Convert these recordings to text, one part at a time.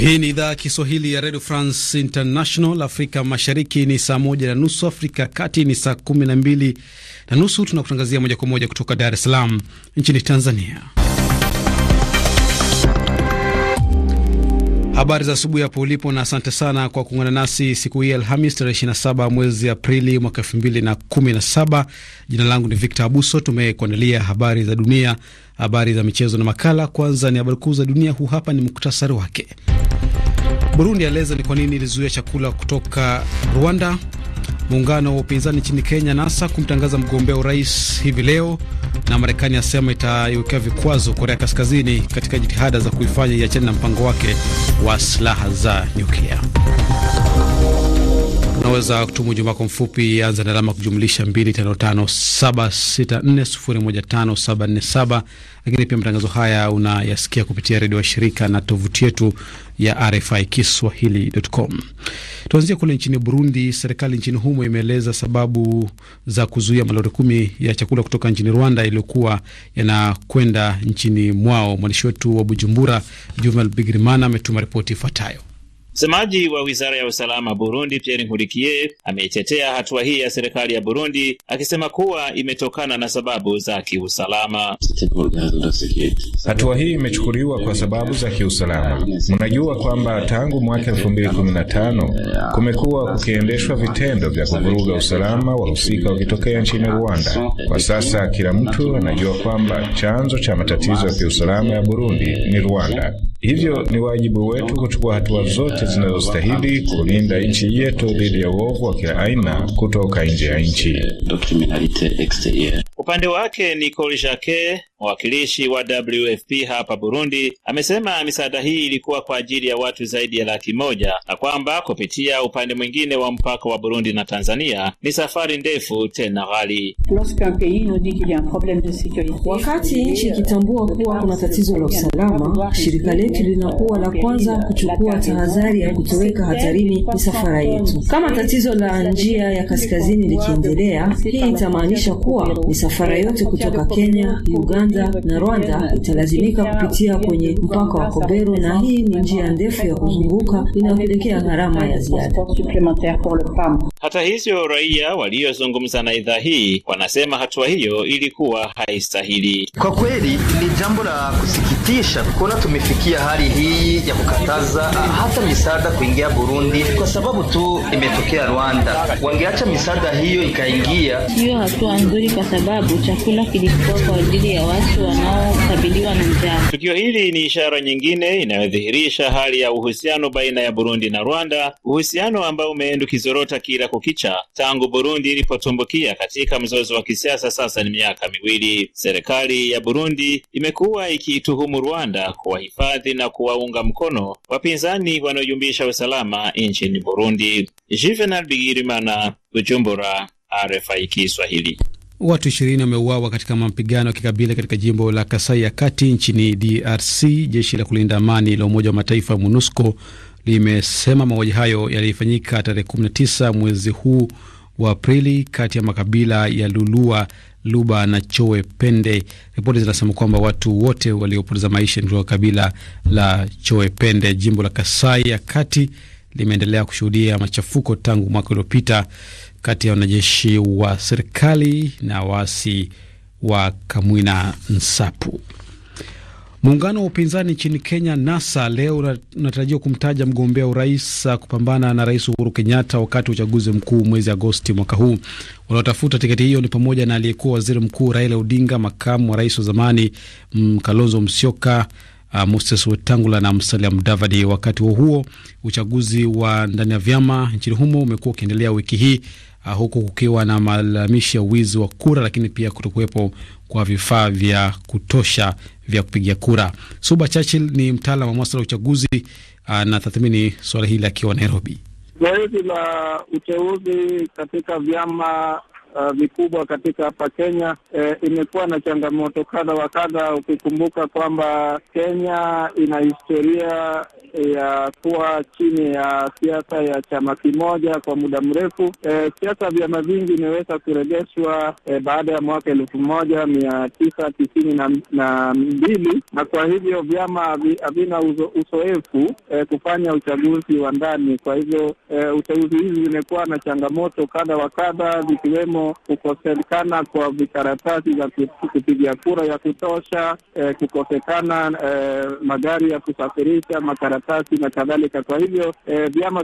Hii ni idhaa ya Kiswahili ya Radio France International. Afrika Mashariki ni saa moja na nusu, Afrika ya Kati ni saa kumi na mbili na nusu. Tunakutangazia moja kwa moja kutoka Dar es Salaam nchini Tanzania. Habari za asubuhi hapo ulipo, na asante sana kwa kuungana nasi siku hii Alhamis tarehe 27 mwezi Aprili mwaka 2017. Jina langu ni Victor Abuso. Tumekuandalia habari za dunia, habari za michezo na makala. Kwanza ni habari kuu za dunia, huu hapa ni muktasari wake. Burundi aeleza ni kwa nini ilizuia chakula kutoka Rwanda. Muungano wa upinzani nchini Kenya NASA kumtangaza mgombea urais hivi leo, na Marekani asema itaiwekea vikwazo Korea Kaskazini katika jitihada za kuifanya iachane na mpango wake wa silaha za nyuklia unaweza kutuma ujumbe wako mfupi, anza na alama kujumlisha 255764015747. Lakini pia matangazo haya unayasikia kupitia redio wa shirika na tovuti yetu ya RFI Kiswahili.com. Tuanzie kule nchini Burundi. Serikali nchini humo imeeleza sababu za kuzuia malori kumi ya chakula kutoka nchini Rwanda yaliyokuwa yanakwenda nchini mwao. Mwandishi wetu wa Bujumbura, Juvenal Bigrimana, ametuma ripoti ifuatayo. Msemaji wa wizara ya usalama Burundi, Pierre Nkurikiye, ameitetea hatua hii ya serikali ya Burundi akisema kuwa imetokana na sababu za kiusalama. Hatua hii imechukuliwa kwa sababu za kiusalama. Mnajua kwamba tangu mwaka elfu mbili kumi na tano kumekuwa kukiendeshwa vitendo vya kuvuruga usalama, wahusika wakitokea nchini Rwanda. Kwa sasa kila mtu anajua kwamba chanzo cha matatizo ya kiusalama ya Burundi ni Rwanda. Hivyo ni wajibu wetu kuchukua hatua zote zinazostahili kulinda nchi yetu dhidi ya uovu wa kila aina kutoka nje ya nchi. Upande wake Nicole Jacquet Mwakilishi wa WFP hapa Burundi amesema misaada hii ilikuwa kwa ajili ya watu zaidi ya laki moja na kwamba kupitia upande mwingine wa mpaka wa Burundi na Tanzania ni safari ndefu tena ghali. Wakati nchi ikitambua kuwa kuna tatizo la usalama, shirika letu linakuwa la kwanza kuchukua tahadhari ya kutoweka hatarini misafara yetu. Kama tatizo la njia ya kaskazini likiendelea, hii itamaanisha kuwa misafara yote kutoka Kenya, Uganda Uganda na Rwanda italazimika kupitia kwenye mpaka wa Kobero, na hii ni njia ndefu ya kuzunguka inayopelekea gharama ya ziada. Hata hivyo, raia waliozungumza na idhaa hii wanasema hatua hiyo ilikuwa haistahili. Kwa kweli ni jambo la kusikitisha kuona tumefikia hali hii ya kukataza ah, hata misaada kuingia Burundi kwa sababu tu imetokea Rwanda. Wangeacha misaada hiyo ikaingia, hiyo hatua nzuri, kwa sababu chakula kilikuwa kwa ajili ya watu watu wanaokabiliwa na njaa. Tukio hili ni ishara nyingine inayodhihirisha hali ya uhusiano baina ya Burundi na Rwanda, uhusiano ambao umeenda ukizorota kila kukicha tangu Burundi ilipotumbukia katika mzozo wa kisiasa sasa ni miaka miwili. Serikali ya Burundi imekuwa ikiituhumu Rwanda kuwahifadhi na kuwaunga mkono wapinzani wanaoyumbisha usalama nchini Burundi. Juvenal Bigirimana, Bujumbura, RFI Kiswahili. Watu ishirini wameuawa katika mapigano ya kikabila katika jimbo la Kasai ya kati nchini DRC. Jeshi la kulinda amani la Umoja wa Mataifa MONUSCO limesema mauaji hayo yalifanyika tarehe 19 mwezi huu wa Aprili kati ya makabila ya Lulua, Luba na Chowe Pende. Ripoti zinasema kwamba watu wote waliopoteza maisha ni kutoka kabila la Chowe Pende, jimbo la Kasai ya kati limeendelea kushuhudia machafuko tangu mwaka uliopita kati ya wanajeshi wa serikali na waasi wa Kamwina Nsapu. Muungano wa upinzani nchini Kenya, NASA, leo unatarajiwa kumtaja mgombea urais kupambana na Rais Uhuru Kenyatta wakati wa uchaguzi mkuu mwezi Agosti mwaka huu. Wanaotafuta tiketi hiyo ni pamoja na aliyekuwa waziri mkuu Raila Odinga, makamu wa rais wa zamani mm, Kalonzo Musyoka, uh, Moses Wetangula na Musalia Mudavadi. Wakati huo huo, uchaguzi wa ndani ya vyama nchini humo umekuwa ukiendelea wiki hii uh, huku kukiwa na malalamishi ya wizi wa kura, lakini pia kutokuwepo kwa vifaa vya kutosha vya kupigia kura. Suba Churchill ni mtaalam wa masuala ya uchaguzi uh, na tathmini suala hili akiwa Nairobi. Zoezi la uteuzi katika vyama vikubwa uh, katika hapa Kenya eh, imekuwa na changamoto kadha wa kadha, ukikumbuka kwamba Kenya ina historia ya kuwa chini ya siasa ya chama kimoja kwa muda mrefu. E, siasa vyama vingi imeweza kurejeshwa e, baada ya mwaka elfu moja mia tisa tisini na, na mbili na kwa hivyo vyama havina uzo, uzoefu e, kufanya uchaguzi wa ndani. Kwa hivyo e, uchaguzi hizi zimekuwa na changamoto kadha wa kadha, vikiwemo kukosekana kwa vikaratasi za kupiga kura ya kutosha, e, kukosekana e, magari ya kusafirisha makaratasi risasi na kadhalika. Kwa hivyo eh, vyama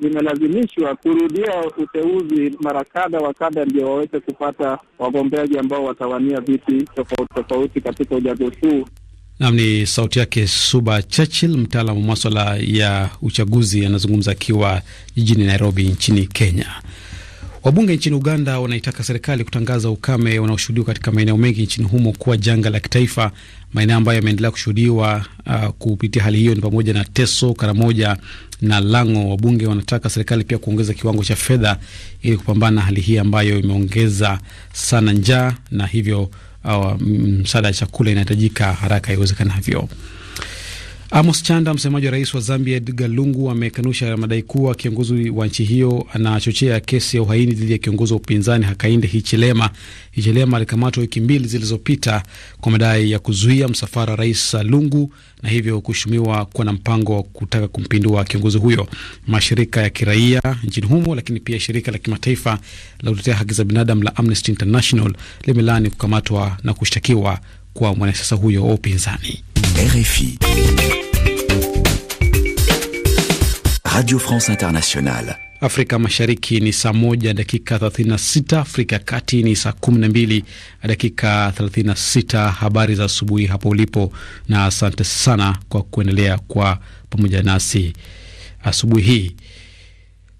vimelazimishwa kurudia uteuzi mara kadha wa kadha, ndio waweze kupata wagombeaji ambao watawania viti tofauti tofauti katika uchaguzi huu. Nam ni sauti yake Suba Churchill, mtaalamu wa maswala ya uchaguzi, anazungumza akiwa jijini Nairobi nchini Kenya. Wabunge nchini Uganda wanaitaka serikali kutangaza ukame unaoshuhudiwa katika maeneo mengi nchini humo kuwa janga la kitaifa. Maeneo ambayo yameendelea kushuhudiwa uh, kupitia hali hiyo ni pamoja na Teso, Karamoja na Lango. Wabunge wanataka serikali pia kuongeza kiwango cha fedha ili kupambana na hali hii ambayo imeongeza sana njaa na hivyo uh, msaada ya chakula inahitajika haraka iwezekanavyo. Amos Chanda, msemaji wa rais wa Zambia Edgar Lungu, amekanusha madai kuwa kiongozi wa nchi hiyo anachochea kesi ya uhaini dhidi ya kiongozi wa upinzani Hakainde Hichilema. Hichilema alikamatwa wiki mbili zilizopita kwa madai ya kuzuia msafara wa rais Lungu na hivyo kushutumiwa kuwa na mpango wa kutaka kumpindua kiongozi huyo. Mashirika ya kiraia nchini humo, lakini pia shirika la kimataifa la kutetea haki za binadamu la Amnesty International limelaani kukamatwa na kushtakiwa kwa mwanasiasa huyo wa upinzani. RFI. Radio France Internationale. Afrika Mashariki ni saa moja dakika 36, Afrika Kati ni saa 12 dakika 36. Habari za asubuhi hapo ulipo, na asante sana kwa kuendelea kwa pamoja nasi asubuhi hii.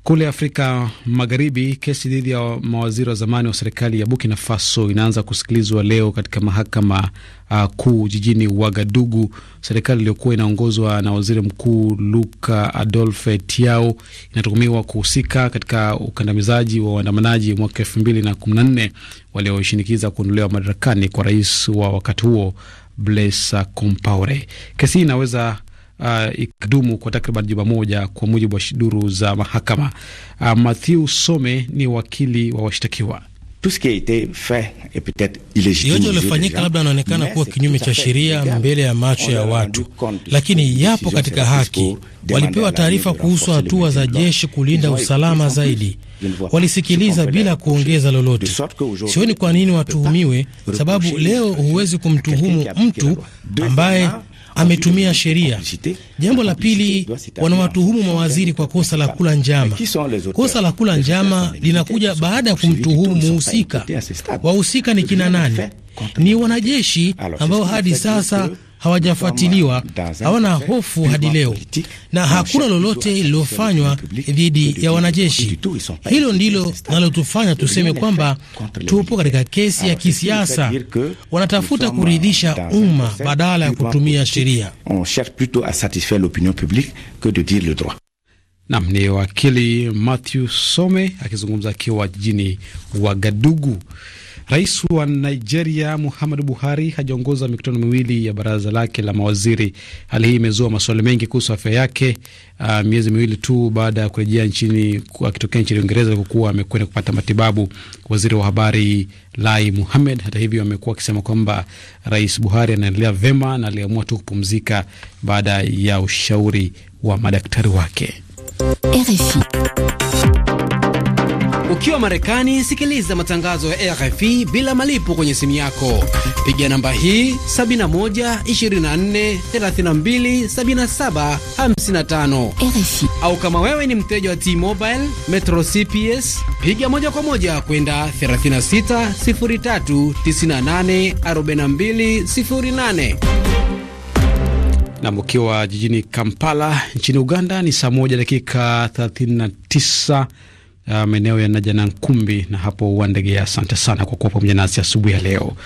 Kule Afrika Magharibi, kesi dhidi ya mawaziri wa zamani wa serikali ya Burkina Faso inaanza kusikilizwa leo katika mahakama uh, kuu jijini Wagadugu. Serikali iliyokuwa inaongozwa na waziri mkuu Luka adolfe Tiao inatuhumiwa kuhusika katika ukandamizaji wa waandamanaji mwaka elfu mbili na kumi na nne walioshinikiza kuondolewa madarakani kwa rais wa wakati huo Blaise Compaore. Kesi hii inaweza uh, ikadumu kwa takriban juma moja kwa mujibu wa shiduru za mahakama. Uh, Mathieu Some ni wakili wa washtakiwa. Yote yaliyofanyika labda anaonekana kuwa kinyume cha sheria mbele ya macho ya watu, lakini yapo katika haki. Walipewa taarifa kuhusu hatua za jeshi kulinda usalama zaidi, walisikiliza bila kuongeza lolote. Sioni kwa nini watuhumiwe, sababu leo huwezi kumtuhumu mtu ambaye ametumia sheria. Jambo la pili, wanawatuhumu mawaziri kwa kosa la kula njama. Kosa la kula njama linakuja baada ya kumtuhumu muhusika. Wahusika ni kina nani? Ni wanajeshi ambao hadi sasa hawajafuatiliwa, hawana hofu hadi leo, na hakuna lolote lililofanywa dhidi ya wanajeshi. Hilo ndilo nalotufanya tuseme kwamba tupo katika kesi ya kisiasa. Wanatafuta kuridhisha umma badala ya kutumia sheria. Nam ni wakili Matthew Some akizungumza akiwa jijini Wagadugu. Rais wa Nigeria Muhammadu Buhari hajaongoza mikutano miwili ya baraza lake la mawaziri. Hali hii imezua maswali mengi kuhusu afya yake, uh, miezi miwili tu baada ya kurejea nchini akitokea nchini Uingereza alikokuwa amekwenda kupata matibabu. Waziri wa habari Lai Muhamed, hata hivyo, amekuwa akisema kwamba Rais Buhari anaendelea vema na aliamua tu kupumzika baada ya ushauri wa madaktari wake. RFI. Ukiwa Marekani, sikiliza matangazo ya RFI bila malipo kwenye simu yako. Piga namba hii 7124327755 Au kama wewe ni mteja wa T-Mobile Metro CPS, piga moja kwa moja kwenda 36 nam ukiwa Na jijini Kampala nchini Uganda ni saa moja dakika 39 uh, maeneo ya Naja na Nkumbi na hapo uwa uwandegea. Asante sana kwa kuwa pamoja nasi asubuhi ya leo.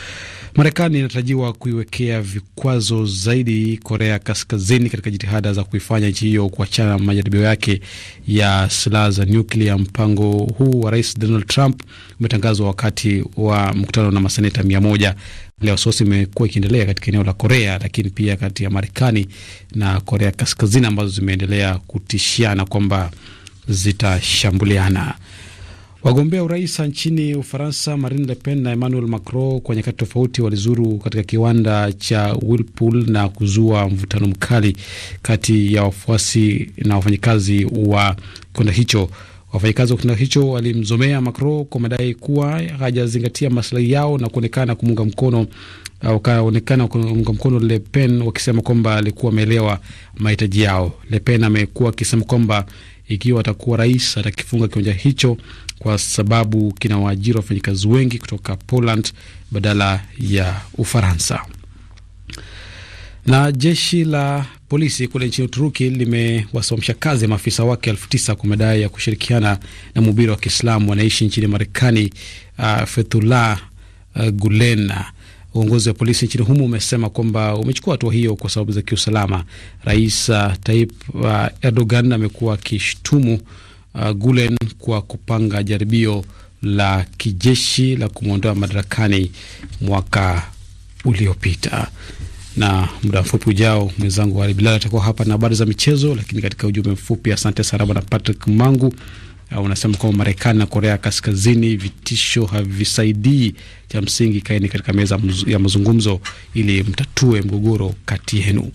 Marekani inatarajiwa kuiwekea vikwazo zaidi Korea Kaskazini katika jitihada za kuifanya nchi hiyo kuachana na majaribio yake ya silaha za nyuklia. Mpango huu wa Rais Donald Trump umetangazwa wakati wa mkutano na maseneta mia moja. Leo sosi imekuwa ikiendelea katika eneo la Korea, lakini pia kati ya Marekani na Korea Kaskazini ambazo zimeendelea kutishiana kwamba zitashambuliana. Wagombea urais nchini Ufaransa, Marine Le Pen na Emmanuel Macron, kwa nyakati tofauti walizuru katika kiwanda cha Whirlpool na kuzua mvutano mkali kati ya wafuasi na wafanyakazi wa kiwanda hicho. Wafanyakazi wa kitendo hicho walimzomea Macron kwa madai kuwa hajazingatia maslahi yao na kuonekana kumuunga mkono wakaonekana kuunga mkono Le Pen wakisema kwamba alikuwa ameelewa mahitaji yao. Le Pen amekuwa akisema kwamba ikiwa atakuwa rais atakifunga kiwanja hicho kwa sababu kina waajiri wafanyakazi wengi kutoka Poland badala ya Ufaransa. Na jeshi la Polisi kule nchini Uturuki limewasimamisha kazi ya maafisa wake elfu tisa kwa madai ya kushirikiana na mhubiri wa Kiislamu wanaishi nchini Marekani, uh, Fethullah uh, Gulena. Uongozi wa polisi nchini humo umesema kwamba umechukua hatua hiyo kwa sababu za kiusalama. Rais uh, Tayyip uh, Erdogan amekuwa akishtumu uh, Gulen kwa kupanga jaribio la kijeshi la kumwondoa madarakani mwaka uliopita na muda mfupi ujao mwenzangu Ali Bilal atakuwa hapa na habari za michezo. Lakini katika ujumbe mfupi, asante Saraba na Patrick Mangu uh, unasema kwamba Marekani na Korea Kaskazini vitisho havisaidii, cha msingi kaeni katika meza ya mazungumzo ili mtatue mgogoro kati yenu.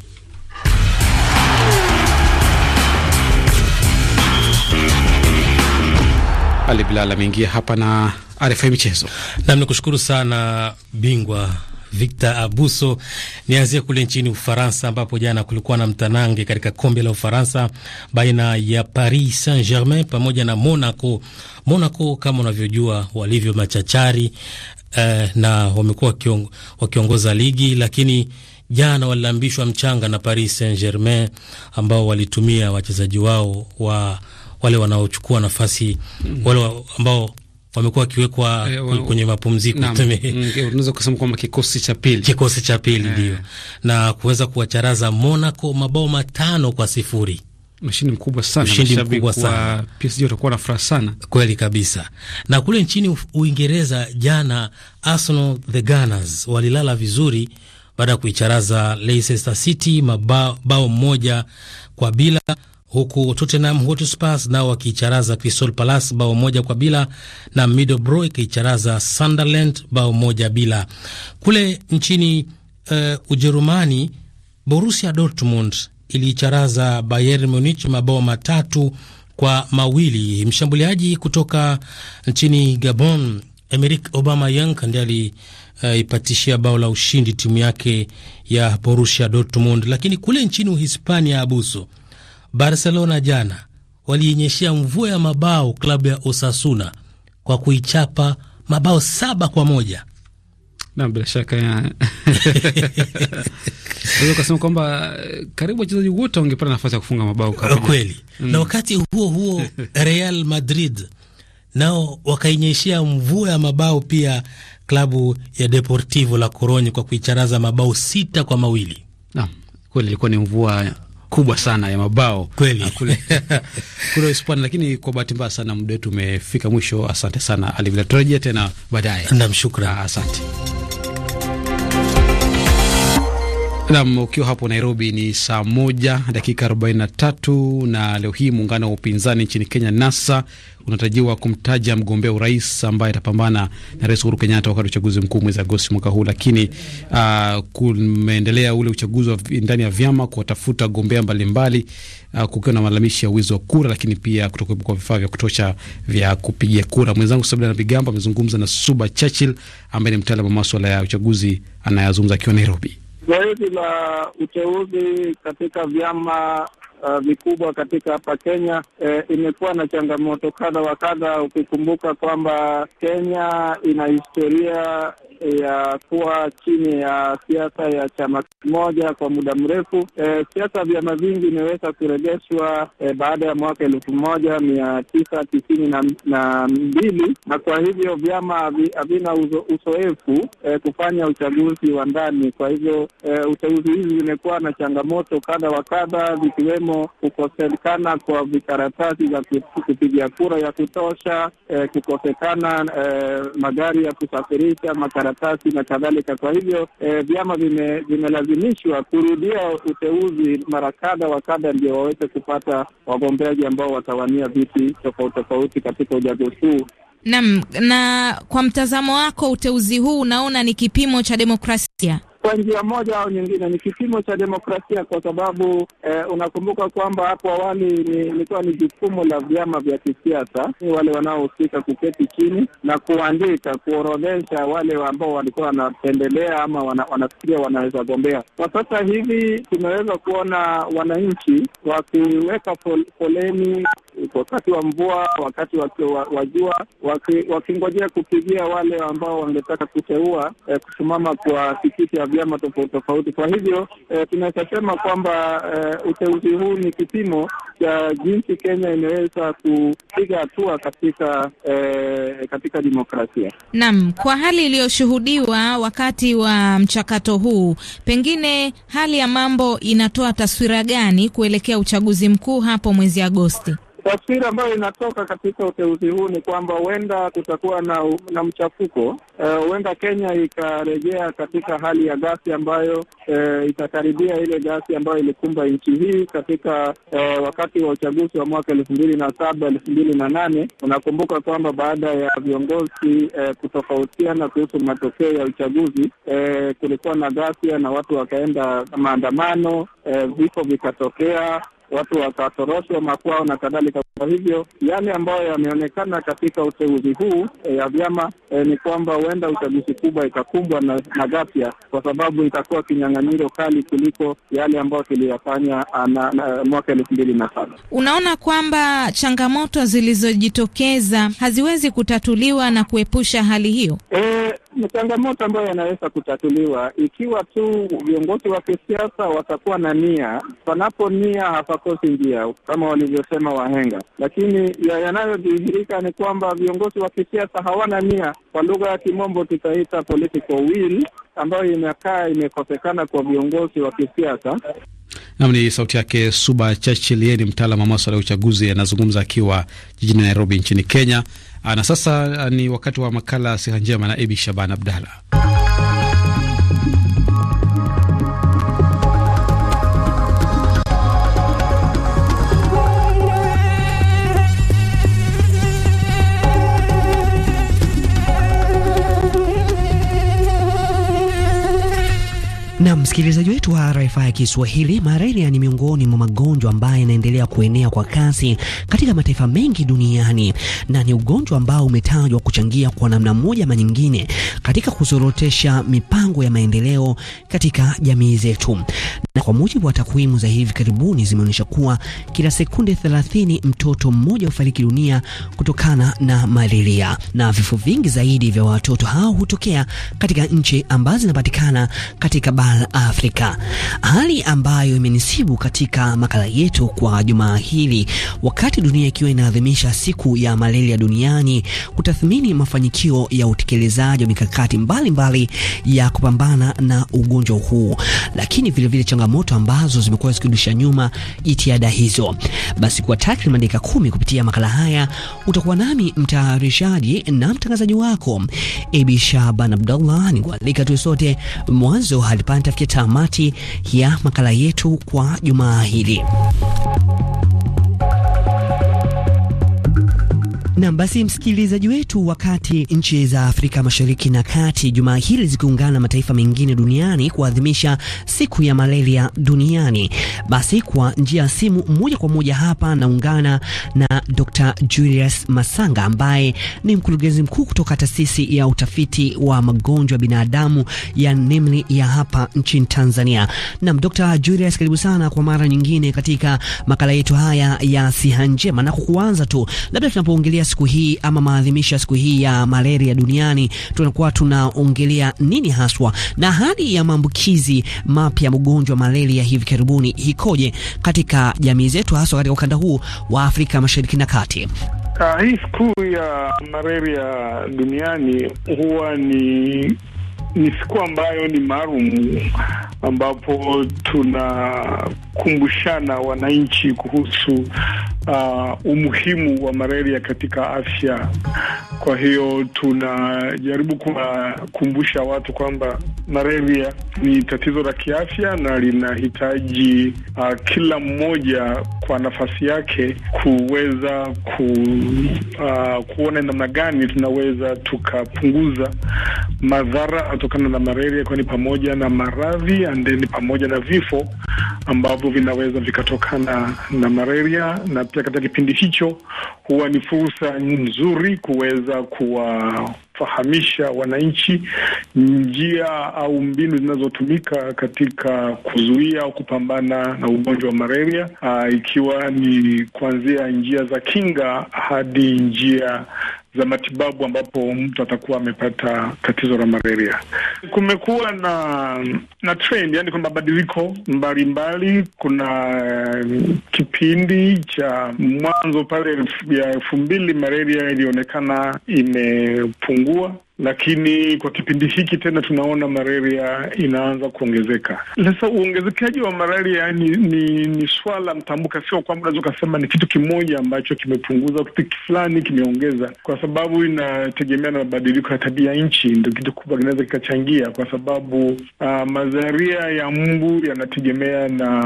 Ali Bilal ameingia hapa na RFI michezo. Nam ni kushukuru sana bingwa Victor Abuso. Nianzie kule nchini Ufaransa ambapo jana kulikuwa na mtanange katika kombe la Ufaransa baina ya Paris Saint-Germain pamoja na Monaco. Monaco kama unavyojua walivyo machachari eh, na wamekuwa wakiongoza ligi lakini jana walilambishwa mchanga na Paris Saint-Germain ambao walitumia wachezaji wao wa wale wanaochukua nafasi wale ambao wamekuwa wakiwekwa e, kwenye mapumziko. Mm, unaweza kusema kwamba kikosi cha pili, kikosi cha pili eh. ndio, na kuweza kuwacharaza Monaco mabao matano kwa sifuri. Ushindi mkubwa sana, mkubwa sana. PSG na furaha sana kweli kabisa. Na kule nchini Uingereza jana, Arsenal the Gunners walilala vizuri baada ya kuicharaza Leicester City mabao moja kwa bila huku Tottenham Hotspur nao wakiicharaza Crystal Palace bao moja kwa bila na Middlesbrough ikiicharaza Sunderland bao moja bila. Kule nchini uh, Ujerumani, Borussia Dortmund iliicharaza Bayern Munich mabao matatu kwa mawili. Mshambuliaji kutoka nchini Gabon Emerick Aubameyang ndiye aliipatishia uh, bao la ushindi timu yake ya Borussia Dortmund. Lakini kule nchini Uhispania, abuso Barcelona jana waliinyeshea mvua ya mabao klabu ya Osasuna kwa kuichapa mabao saba kwa moja. Na bila shaka naweza kusema kwamba eh, karibu wachezaji wote wangepata nafasi ya kufunga mabao kwa kweli mm. Na wakati huo huo Real Madrid nao wakainyeshea mvua ya mabao pia klabu ya Deportivo la Corunya kwa kuicharaza mabao sita kwa mawili. Naam, kweli ilikuwa ni mvua kubwa sana ya mabao kweli kule kule Hispania, lakini kwa bahati mbaya sana muda wetu umefika mwisho. Asante sana Alivila, tutarejea tena baadaye. Namshukuru, ah, asante. Nam, ukiwa hapo Nairobi ni saa moja dakika 43. Na leo hii muungano wa upinzani nchini Kenya, NASA, unatarajiwa kumtaja mgombea urais ambaye atapambana na Rais Uhuru Kenyatta wakati wa uchaguzi mkuu mwezi Agosti mwaka huu. Lakini uh, kumeendelea ule uchaguzi wa ndani ya vyama kuwatafuta gombea mbalimbali uh, kukiwa na malalamishi ya wizi wa kura, lakini pia kutokuwepo kwa vifaa vya kutosha vya kupigia kura. Mwenzangu Sabla na Bigambo amezungumza na Suba Churchill ambaye ni mtaalamu wa maswala ya uchaguzi, anayazungumza akiwa Nairobi zoezi la uteuzi katika vyama vikubwa uh, katika hapa Kenya eh, imekuwa na changamoto kadha wa kadha, ukikumbuka kwamba Kenya ina historia ya kuwa chini ya siasa ya chama kimoja kwa muda mrefu. E, siasa vyama vingi imeweza kurejeshwa e, baada ya mwaka elfu moja mia tisa tisini na, na mbili na kwa hivyo vyama havina uzo, uzoefu e, kufanya uchaguzi wa ndani. Kwa hivyo e, uchaguzi hizi zimekuwa na changamoto kadha wa kadha zikiwemo ikiwemo kukosekana kwa vikaratasi za kupiga kura ya kutosha, eh, kukosekana eh, magari ya kusafirisha makaratasi na kadhalika. Kwa hivyo eh, vyama vimelazimishwa kurudia uteuzi mara kadha wa kadha, ndio waweze kupata wagombeaji ambao watawania viti tofauti tofauti katika uchaguzi huu. Naam, na kwa mtazamo wako uteuzi huu unaona ni kipimo cha demokrasia? kwa njia moja au nyingine ni kipimo cha demokrasia, kwa sababu eh, unakumbuka kwamba hapo awali ilikuwa ni jukumu la vyama vya kisiasa, ni wale wanaohusika kuketi chini na kuandika, kuorodhesha wale ambao walikuwa wanapendelea ama wana, wanafikiria wanaweza gombea. Kwa sasa hivi tumeweza kuona wananchi wakiweka foleni wakati wa mvua, wakati wa jua, wakingojea kupigia wale ambao wangetaka kuteua eh, kusimama kwa tikiti ya vyama tofauti tofauti. Kwa hivyo eh, sema kwamba eh, uteuzi huu ni kipimo cha jinsi Kenya imeweza kupiga hatua katika eh, katika demokrasia. Naam, kwa hali iliyoshuhudiwa wakati wa mchakato huu, pengine hali ya mambo inatoa taswira gani kuelekea uchaguzi mkuu hapo mwezi Agosti? Taswira ambayo inatoka katika uteuzi huu ni kwamba huenda kutakuwa na, na mchafuko eh, huenda uh, Kenya ikarejea katika hali ya gasi ambayo uh, itakaribia ile gasi ambayo ilikumba nchi hii katika uh, wakati wa uchaguzi wa mwaka elfu mbili na saba elfu mbili na nane. Unakumbuka kwamba baada ya viongozi uh, kutofautiana kuhusu matokeo ya uchaguzi uh, kulikuwa na gasia na watu wakaenda maandamano, vifo uh, vikatokea watu wakatoroshwa makwao na kadhalika. Kwa hivyo yale ambayo yameonekana katika uteuzi huu e, ya vyama e, ni kwamba huenda uchaguzi kubwa ikakumbwa na, na ghasia, kwa sababu itakuwa kinyang'anyiro kali kuliko yale ambayo tuliyafanya mwaka elfu mbili na saba. Unaona kwamba changamoto zilizojitokeza haziwezi kutatuliwa na kuepusha hali hiyo e, changamoto ambayo yanaweza kutatuliwa ikiwa tu viongozi wa kisiasa watakuwa na nia, panapo nia hapa hawakosi njia kama walivyosema wahenga, lakini yanayodhihirika ni kwamba viongozi wa kisiasa hawana nia, kwa lugha ya kimombo tutaita political will, ambayo inakaa imekosekana kwa viongozi wa kisiasa. Nam ni sauti yake Suba Churchill, yeye ni mtaalam wa maswala ya uchaguzi, anazungumza akiwa jijini Nairobi nchini Kenya. Ah, na sasa ah, ni wakati wa makala Siha Njema na Ebi Shaban Abdalla. Na msikilizaji wetu wa RFI ya Kiswahili, malaria ni miongoni mwa magonjwa ambayo yanaendelea kuenea kwa kasi katika mataifa mengi duniani na ni ugonjwa ambao umetajwa kuchangia kwa namna moja ama nyingine katika kuzorotesha mipango ya maendeleo katika jamii zetu. Na kwa mujibu wa takwimu za hivi karibuni zimeonyesha kuwa kila sekunde 30 mtoto mmoja hufariki dunia kutokana na malaria, na vifo vingi zaidi vya watoto hao hutokea katika nchi ambazo zinapatikana katika Channel Africa, hali ambayo imenisibu katika makala yetu kwa jumaa hili, wakati dunia ikiwa inaadhimisha siku ya malaria duniani, kutathmini mafanikio ya utekelezaji wa mikakati mbalimbali ya kupambana na ugonjwa huu, lakini vilevile vile changamoto ambazo zimekuwa zikirudisha nyuma jitihada hizo. Basi kwa takriban dakika kumi kupitia makala haya utakuwa nami mtayarishaji na mtangazaji wako Abi Shaban Abdullah, nikualika tu sote mwanzo hadi nitafikia tamati ya makala yetu kwa jumaa hili. Nam basi, msikilizaji wetu, wakati nchi za Afrika Mashariki na Kati jumaa hili zikiungana mataifa mengine duniani kuadhimisha siku ya malaria duniani, basi kwa njia ya simu moja kwa moja hapa naungana na Dr. Julius Masanga ambaye ni mkurugenzi mkuu kutoka taasisi ya utafiti wa magonjwa binadamu ya nemli ya hapa nchini Tanzania. Nam Dr. Julius, karibu sana kwa mara nyingine katika makala yetu haya ya siha njema, na kuanza tu labda tunapoongelea tunapoangalia siku hii ama maadhimisho ya siku hii ya malaria duniani, tunakuwa tunaongelea nini haswa, na hali ya maambukizi mapya mgonjwa malaria hivi karibuni ikoje katika jamii zetu, haswa katika ukanda huu wa Afrika Mashariki na Kati? Uh, hii siku ya malaria duniani huwa ni ni siku ambayo ni maalum ambapo tunakumbushana wananchi kuhusu uh, umuhimu wa malaria katika afya. Kwa hiyo tunajaribu kuwakumbusha watu kwamba malaria ni tatizo la kiafya na linahitaji uh, kila mmoja kwa nafasi yake kuweza ku, uh, kuona namna gani tunaweza tukapunguza madhara atokana na malaria, kwani pamoja na maradhi andeni pamoja na vifo ambavyo vinaweza vikatokana na malaria. Na pia katika kipindi hicho huwa ni fursa nzuri kuweza kuwa fahamisha wananchi njia au mbinu zinazotumika katika kuzuia au kupambana na ugonjwa wa malaria, ah, ikiwa ni kuanzia njia za kinga hadi njia za matibabu ambapo mtu atakuwa amepata tatizo la malaria. Kumekuwa na na trend, yani kuna mabadiliko mbalimbali. Kuna eh, kipindi cha mwanzo pale ya elfu mbili malaria ilionekana imepungua lakini kwa kipindi hiki tena tunaona malaria inaanza kuongezeka. Sasa uongezekaji wa malaria ni, ni, ni swala mtambuka, sio kwamba unaweza ukasema ni kitu kimoja ambacho kimepunguza kitu fulani kimeongeza, kwa sababu inategemea na mabadiliko ya tabia nchi, ndo kitu kubwa kinaweza kikachangia, kwa sababu uh, ah, mazaria ya mbu yanategemea na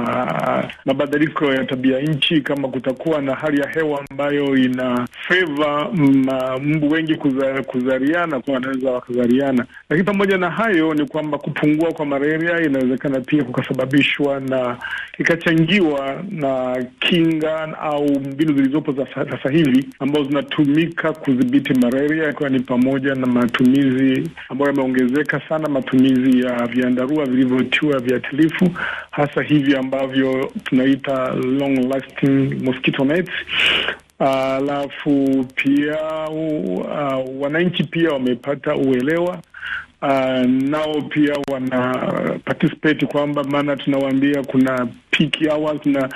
uh, mabadiliko ya tabia nchi. Kama kutakuwa na hali ya hewa ambayo ina feva mm, mbu wengi kuzariana kuza wanaweza wakazaliana. Lakini pamoja na hayo ni kwamba kupungua kwa malaria inawezekana pia kukasababishwa na ikachangiwa na kinga au mbinu zilizopo za sasa hivi ambazo zinatumika kudhibiti malaria, ikiwa ni pamoja na matumizi ambayo yameongezeka sana, matumizi ya viandarua vilivyotiwa viatilifu, hasa hivi ambavyo tunaita long lasting mosquito nets alafu pia uh, wananchi pia wamepata uelewa uh, nao pia wana participate kwamba, maana tunawaambia kuna peak hours na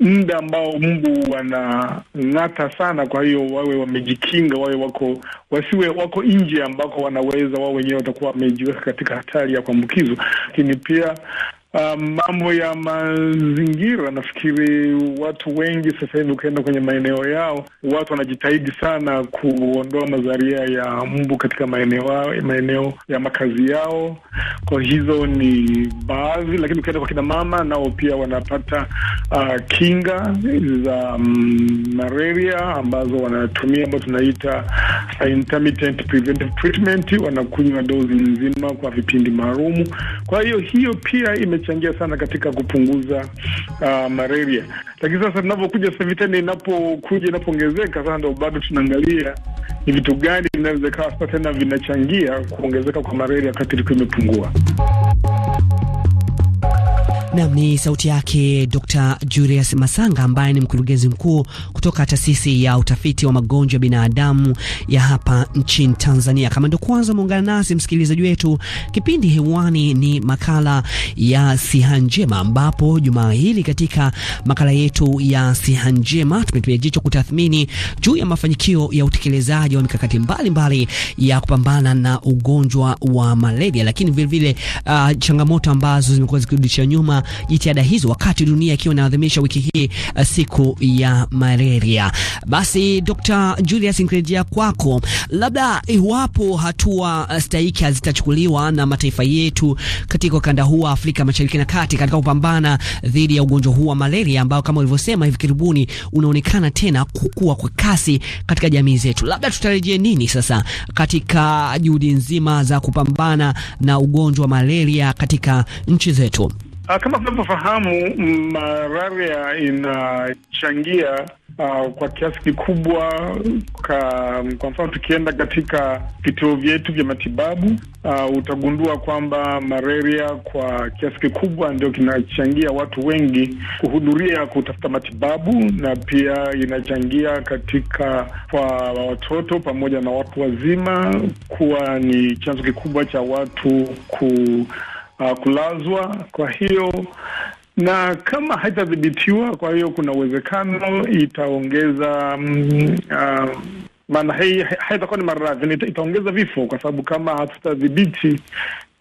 muda ambao mbu wanang'ata sana. Kwa hiyo wawe wamejikinga, wawe wako wasiwe wako nje ambako wanaweza wao wenyewe watakuwa wamejiweka katika hatari ya kuambukizwa, lakini pia um, mambo ya mazingira, nafikiri watu wengi sasa hivi ukienda kwenye maeneo yao, watu wanajitahidi sana kuondoa mazaria ya mbu katika maeneo maeneo ya makazi yao. Kwa hizo ni baadhi, lakini ukienda kwa kina mama nao pia wanapata uh, kinga za um, malaria ambazo wanatumia ambao tunaita uh, intermittent preventive treatment, wanakunywa dozi nzima kwa vipindi maalumu. Kwa hiyo hiyo pia ime imechangia sana katika kupunguza uh, malaria. Lakini sasa tunavyokuja sasa tena, inapokuja inapoongezeka sasa, ndo bado tunaangalia ni vitu gani vinaweza kawa sasa tena vinachangia kuongezeka kwa malaria wakati ilikuwa imepungua. Nam ni sauti yake Dr. Julius Masanga ambaye ni mkurugenzi mkuu kutoka taasisi ya utafiti wa magonjwa ya binadamu ya hapa nchini Tanzania. Kama ndio kwanza umeungana nasi, msikilizaji wetu, kipindi hewani ni makala ya Siha Njema, ambapo jumaa hili katika makala yetu ya Siha Njema tumetupia jicho kutathmini juu ya mafanikio ya utekelezaji wa mikakati mbalimbali ya kupambana na ugonjwa wa malaria, lakini vilevile uh, changamoto ambazo zimekuwa zikirudisha nyuma jitihada hizo wakati dunia ikiwa inaadhimisha wiki hii uh, siku ya malaria. Basi Dr. Julius Nkrejia, kwako, labda iwapo hatua uh, stahiki hazitachukuliwa na mataifa yetu katika ukanda huu wa Afrika Mashariki na Kati katika kupambana dhidi ya ugonjwa huu wa malaria ambao kama ulivyosema hivi karibuni unaonekana tena kukua kwa kasi katika jamii zetu, labda tutarejee nini sasa katika juhudi nzima za kupambana na ugonjwa wa malaria katika nchi zetu? Ah, kama tunavyofahamu, malaria inachangia Uh, kwa kiasi kikubwa ka, kwa mfano tukienda katika vituo vyetu vya matibabu uh, utagundua kwamba malaria kwa kiasi kikubwa ndio kinachangia watu wengi kuhudhuria kutafuta matibabu, na pia inachangia katika kwa watoto pamoja na watu wazima kuwa ni chanzo kikubwa cha watu ku uh, kulazwa. Kwa hiyo na kama haitadhibitiwa, kwa hiyo kuna uwezekano itaongeza mm, uh, maana hii haitakuwa ni maradhi, itaongeza vifo, kwa sababu kama hatutadhibiti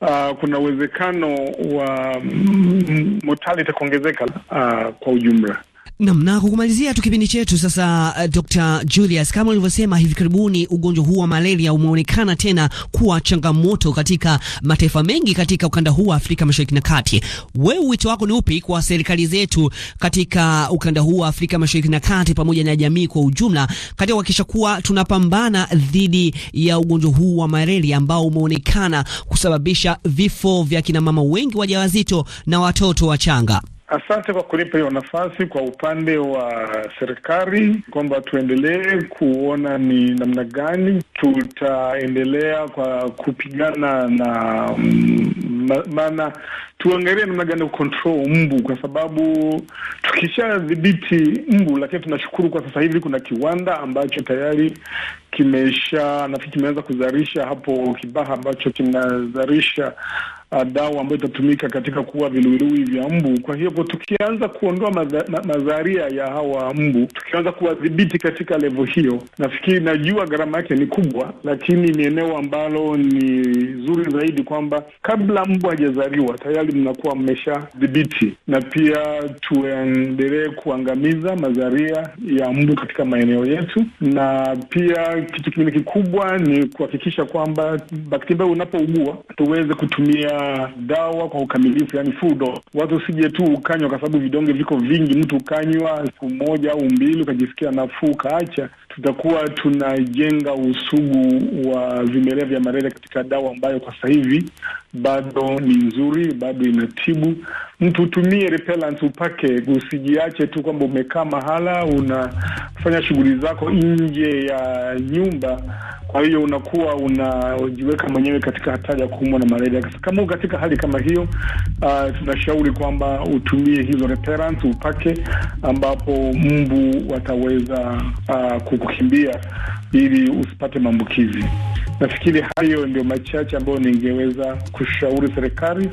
uh, kuna uwezekano wa mm, mortality kuongezeka uh, kwa ujumla. Nam na kukumalizia tu kipindi chetu sasa, uh, eh, Dr. Julius, kama ulivyosema, hivi karibuni ugonjwa huu wa malaria umeonekana tena kuwa changamoto katika mataifa mengi katika ukanda huu wa Afrika Mashariki na Kati. Wewe wito wako ni upi kwa serikali zetu katika ukanda huu wa Afrika Mashariki na Kati pamoja na jamii kwa ujumla katika kuhakikisha kuwa tunapambana dhidi ya ugonjwa huu wa malaria ambao umeonekana kusababisha vifo vya kinamama wengi wajawazito na watoto wachanga? Asante kwa kunipa hiyo nafasi. Kwa upande wa serikali, kwamba tuendelee kuona ni namna gani tutaendelea kwa kupigana na mm, maana, tuangalie namna gani kucontrol mbu, kwa sababu tukishadhibiti mbu, lakini tunashukuru kwa sasa hivi kuna kiwanda ambacho tayari kimesha nafikiri kimeanza kuzalisha hapo Kibaha ambacho kinazalisha Uh, dawa ambayo itatumika katika kuua viluilui vya mbu. Kwa hivyo tukianza kuondoa madharia ya hawa mbu, tukianza kuwadhibiti katika levo hiyo, nafikiri, najua gharama yake ni kubwa, lakini ni eneo ambalo ni zuri zaidi kwamba kabla mbu hajazaliwa tayari mnakuwa mmeshadhibiti, na pia tuendelee kuangamiza madharia ya mbu katika maeneo yetu, na pia kitu kingine kikubwa ni kuhakikisha kwamba bakteria unapougua tuweze kutumia dawa kwa ukamilifu, yani fudo. Watu usije tu ukanywa kwa sababu vidonge viko vingi, mtu ukanywa siku moja au mbili ukajisikia nafuu ukaacha, tutakuwa tunajenga usugu wa vimelea vya malaria katika dawa ambayo kwa sasa hivi bado ni nzuri, bado inatibu. Mtu utumie upake, usijiache tu kwamba umekaa mahala una kufanya shughuli zako nje ya nyumba, kwa hiyo unakuwa unajiweka mwenyewe katika hatari ya kuumwa na malaria. Kama katika hali kama hiyo, uh, tunashauri kwamba utumie hizo repellents, upake ambapo mbu wataweza uh, kukukimbia ili usipate maambukizi. Nafikiri hayo ndio machache ambayo ningeweza kushauri serikali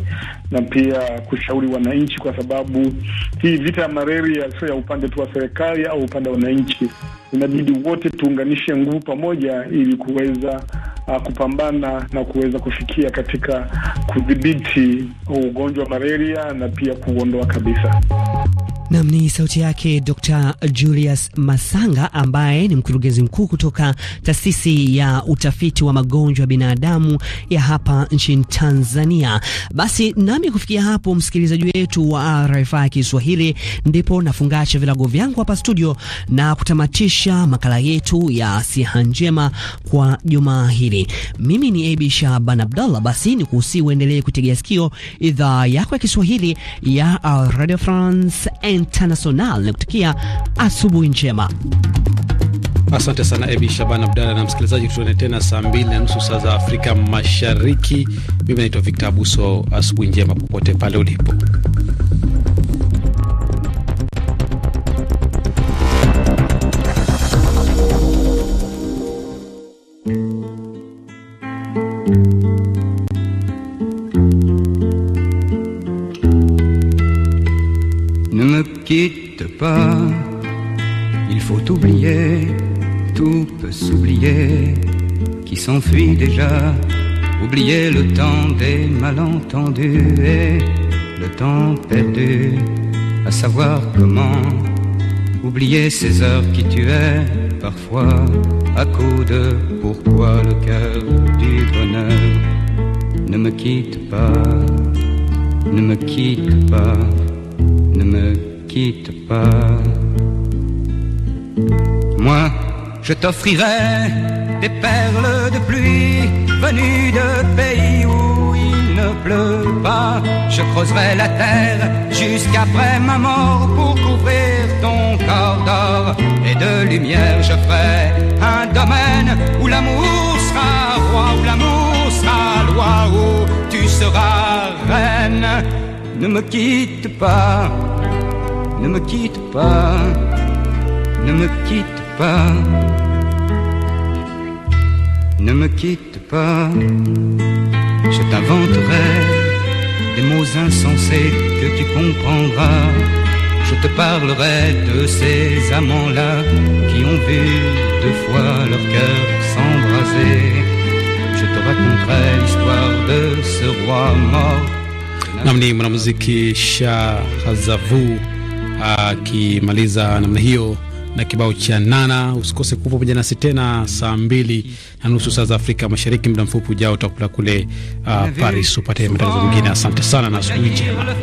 na pia kushauri wananchi, kwa sababu hii vita ya malaria sio ya upande tu wa serikali au upande wa wananchi. Inabidi wote tuunganishe nguvu pamoja ili kuweza uh, kupambana na kuweza kufikia katika kudhibiti ugonjwa wa malaria na pia kuondoa kabisa. Nam ni sauti yake Dr. Julius Masanga ambaye ni mkurugenzi mkuu kutoka taasisi ya utafiti wa magonjwa ya binadamu ya hapa nchini Tanzania. Basi nami kufikia hapo, msikilizaji wetu wa RFI Kiswahili, ndipo nafungasha vilago vyangu hapa studio na kutamatisha makala yetu ya siha njema kwa jumaa hili. Kiswahili. Mimi ni Abi Shaban Abdallah, basi ni kuhusi uendelee kutegea sikio idhaa yako ya Kiswahili ya Radio France International na asubuhi njema. Asante sana Ebi Shaban Abdalla na msikilizaji, tuone tena saa mbili na nusu saa za Afrika Mashariki. Mimi naitwa Victor Abuso, asubuhi njema popote pale ulipo. quitte pas, il faut oublier, tout peut s'oublier, qui s'enfuit déjà, oublier le temps des malentendus et le temps perdu, à savoir comment oublier ces heures qui tuaient parfois à coup de pourquoi le cœur du bonheur ne me quitte pas, ne me quitte pas, ne me quitte pas. Moi, je t'offrirai des perles de pluie venues de pays où il ne pleut pas. Je creuserai la terre jusqu'après ma mort pour couvrir ton corps d'or et de lumière. Je ferai un domaine où l'amour sera roi, où l'amour sera loi, où tu seras reine. Ne me quitte pas ne me quitte pas, ne me quitte pas, ne me quitte pas, je t'inventerai des mots insensés que tu comprendras. Je te parlerai de ces amants-là qui ont vu deux fois leur cœur s'embraser. Je te raconterai l'histoire de ce roi mort. Namni mwanamuziki Shah akimaliza namna hiyo na kibao cha Nana. Usikose kuwa pamoja nasi tena saa mbili na nusu saa za Afrika Mashariki. Muda mfupi ujao utakula kule uh, Paris upate matangazo mengine. Asante sana na asubuhi njema.